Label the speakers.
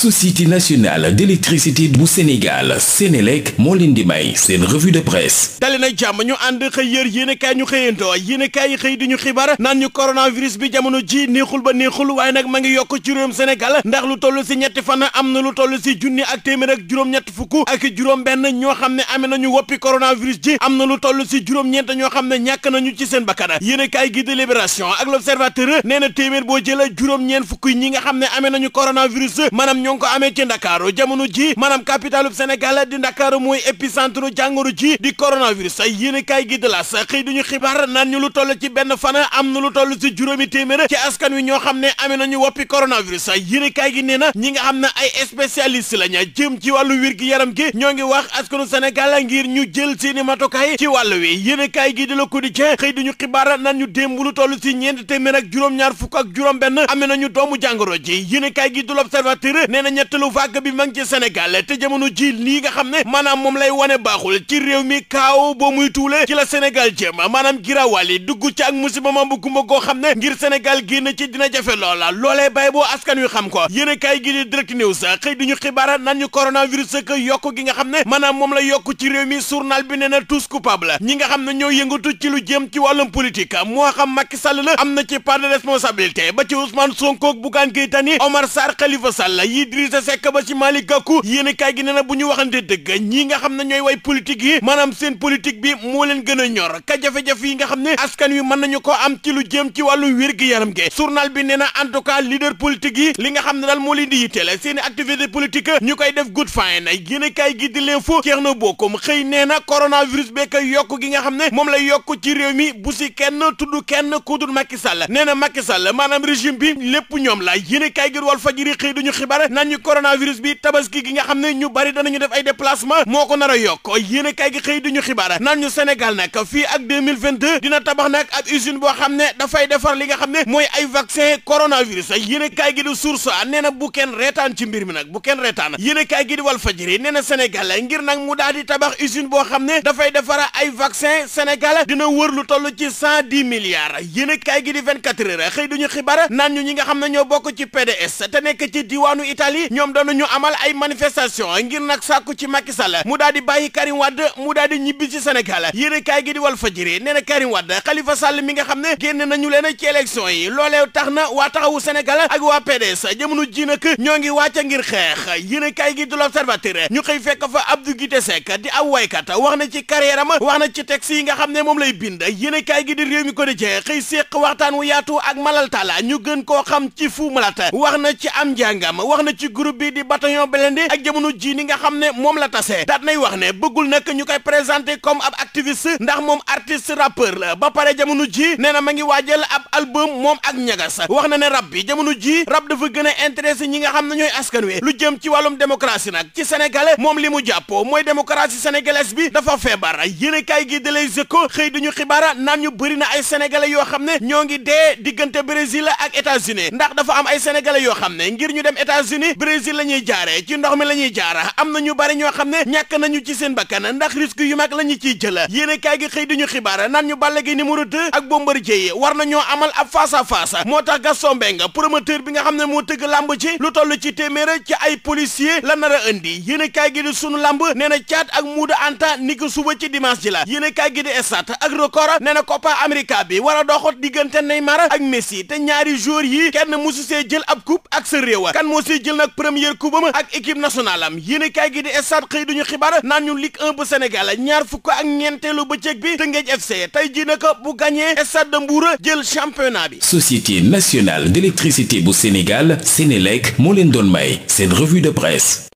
Speaker 1: société nationale d'électricité bu Sénégal Sénélec moo leen di may seen revue de presse dali jàmm ñu ànd xëy yër yéenekaay ñu xëyantoo yéenekaay yi xëy di ñu xibaar naan ñu coronavirus bi jamono ji neexul ba neexul waaye nag ma ngi yokk ci senégal ndax lu toll si ñetti fan am na lu toll si junni ak téeméer ak juróom-ñett fukk ak juróom benn ñoo xam ne amee nañu woppi coronavirus ji am na lu toll si juróom-ñeent ñoo xam ne ñàkk nañu ci seen bakkan yéenekaay gi de Libération ak L'Observateur nee na téeméer boo jëla juróom-ñeent fukk ñi nga xam ne amee nañu coronavirus ñu amee ci ndakaaru jamono ji maanaam capitalu Sénégal di ndakaaru mooy épicentre jàngoro ji di coronavirus yéen kaay gi de la sa xëy duñu xibaar naan ñu lu toll ci benn fan am na lu toll ci juróomi téeméer ci askan wi ñoo xam ne amee nañu woppi coronavirus yéen kaay gi nee na ñi nga xam ne ay spécialiste lañu jëm ci wàllu wér gi yaram gi ñoo ngi wax askanu senegal ngir ñu jël seeni matukaay ci wàll wi yéen kaay gi di la xëy du ñu xibaar naan ñu démb lu toll ci ñeent téeméer ak juróom-ñaar fukk ak juróom benn amee nañu doomu jàngoro ji yéen kaay gi di l'Observateur nee na ñettalu vague bi ma ngi ci Sénégal te jamono ji lii nga xam ne maanaam moom lay wane baaxul ci réew mi kaaw boo muy tuule ci la Sénégal jëm maanaam giraawal yi dugg ci ak musiba ma bu ba koo xam ne ngir Sénégal génn ci dina jafe loola loolee bay boo askan wi xam ko yéen a kaay gi di direct news xëy duñu xibaara nan ñu coronavirus ak yokk gi nga xam ne maanaam moom la yokk ci réew mi journal bi nee na tous coupable ñi nga xam ne ñoo yëngatu ci lu jëm ci wàllum politique moo xam Macky Sall am na ci part de responsabilité ba ci Ousmane Sonko ak Bougane Gueye Dany Omar Sarr yi Idrissa Seck ba ci Malick Gakou yéen kaay gi nee na bu ñu waxante dëgg ñi nga xam ne ñooy way politique yi maanaam seen politique bi moo leen gën ñor ka jafe-jafe yi nga xam ne askan wi mën nañu ko am ci lu jëm ci wàllu wér gi yaram gi journal bi nee na en tout cas leader yi li nga xam ne daal moo leen di yitteel seen activité politique ñu koy def good fine yéen kaay gi di leen fu Thierno Bocoum xëy nee na coronavirus beeg yokk gi nga xam ne moom la yokk ci réew mi bu si kenn tudd kenn ku dul Macky nee na Macky maanaam régime bi lépp ñoom la yéen kaay gi Walf Fadjri xëy duñu nañu coronavirus bi tabaski gi nga xam ne ñu bari danañu def ay déplacement moo ko nar a yokk yéen kay gi xëy du ñu xibaar naan ñu Sénégal nag fii ak 2022 dina tabax nag ab usine boo xam ne dafay defar li nga xam ne mooy ay vaccin coronavirus yéen kay gi di source nee na bu kenn reetaan ci mbir mi nag bu kenn reetaan yéen kay gi di Walf Fadjri nee na Sénégal ngir nag mu daal di tabax boo xam ne dafay defar ay vaccin Sénégal dina wër lu toll ci cent dix milliards yéen kay gi di vingt quatre heures xëy duñu xibaar naan ñu ñi nga xam na ñoo bokk ci PDS te nekk ci diwaanu Italie Sénégal yi ñoom danañu amal ay manifestation ngir nag sàkku ci Macky Sall mu daal di bàyyi Karim Wade mu daal di ñibbi ci Sénégal yéene kaay gi di Walf Fadjri nee na Karim Wade Khalifa Sall mi nga xam ne génn nañu leen ci élection yi loolee tax na waa taxawu Sénégal ak waa PDS jamono ji ñoo ngi wàcc ngir xeex yéene kaay gi di L'Observateur ñu xëy fekk fa Abdou Guité Seck di aw waykat wax na ci carrière am wax na ci texte yi nga xam ne moom lay bind yéene kaay gi di mi ko di jeex xëy séq waxtaan wu yaatu ak Malal ñu gën koo xam ci Fou Malade wax na ci am njàngam wax na ci groupe bii di bataillon Blindé ak jamono ji ni nga xam ne moom la tase daat nay wax ne bëggul nag ñu koy présenté comme ab activiste ndax moom artiste rappeur la ba pare jamono ji nee na ma ngi waajal ab album moom ak ñagas wax na ne rab bi jamono ji rap dafa gën a intéressé ñi nga xam ne ñooy askan wi lu jëm ci wàllum démocratie nag ci Sénégal moom li mu jàppoo mooy démocratie sénégalaise bi dafa feebar yéene kaay gi da lay sëkko xëy duñu xibaara naan ñu bëri na ay sénégalais yoo xam ne ñoo ngi dee diggante Brésil ak États-Unis ndax dafa ay sénégalais yoo xam ne ngir ñu dem États-Unis ne Brésil la ñuy jaare ci ndox mi la ñuy jaara am na ñu bari ñoo xam ne ñàkk nañu ci seen bakkan ndax risque yu mag la ñu ciy jël yéen kaay gi xëy ñu xibaar nan ñu Balla Gaye numéro 2 ak Bombardier war na nañoo amal ab face à face moo tax Gaston Mbengue promoteur bi nga xam ne moo tëgg lamb ci lu toll ci téeméer ci ay policier la nar a indi yéen kaay gi di sunu làmb nee na caat ak muuda anta ni ko suba ci dimanche ji la yéen kaay gi di estat ak record nee na Copa America bi war a doxot diggante Neymar ak Messi te ñaari joueurs yi kenn mosu see jël ab coupe ak sa réew moo see jël nag première coupe am ak équipe nationale am yéene kaay gi di stade xëy duñu xibaar naan ñu Ligue 1 bu Sénégal ñaar fukk ak ñeenteelu bëccëg bi Tëngéej FC tey jii nag bu gagné stade de Mbour jël championnat bi. Société nationale d'électricité bu Sénégal Sénélec moo leen doon may seen revue de presse.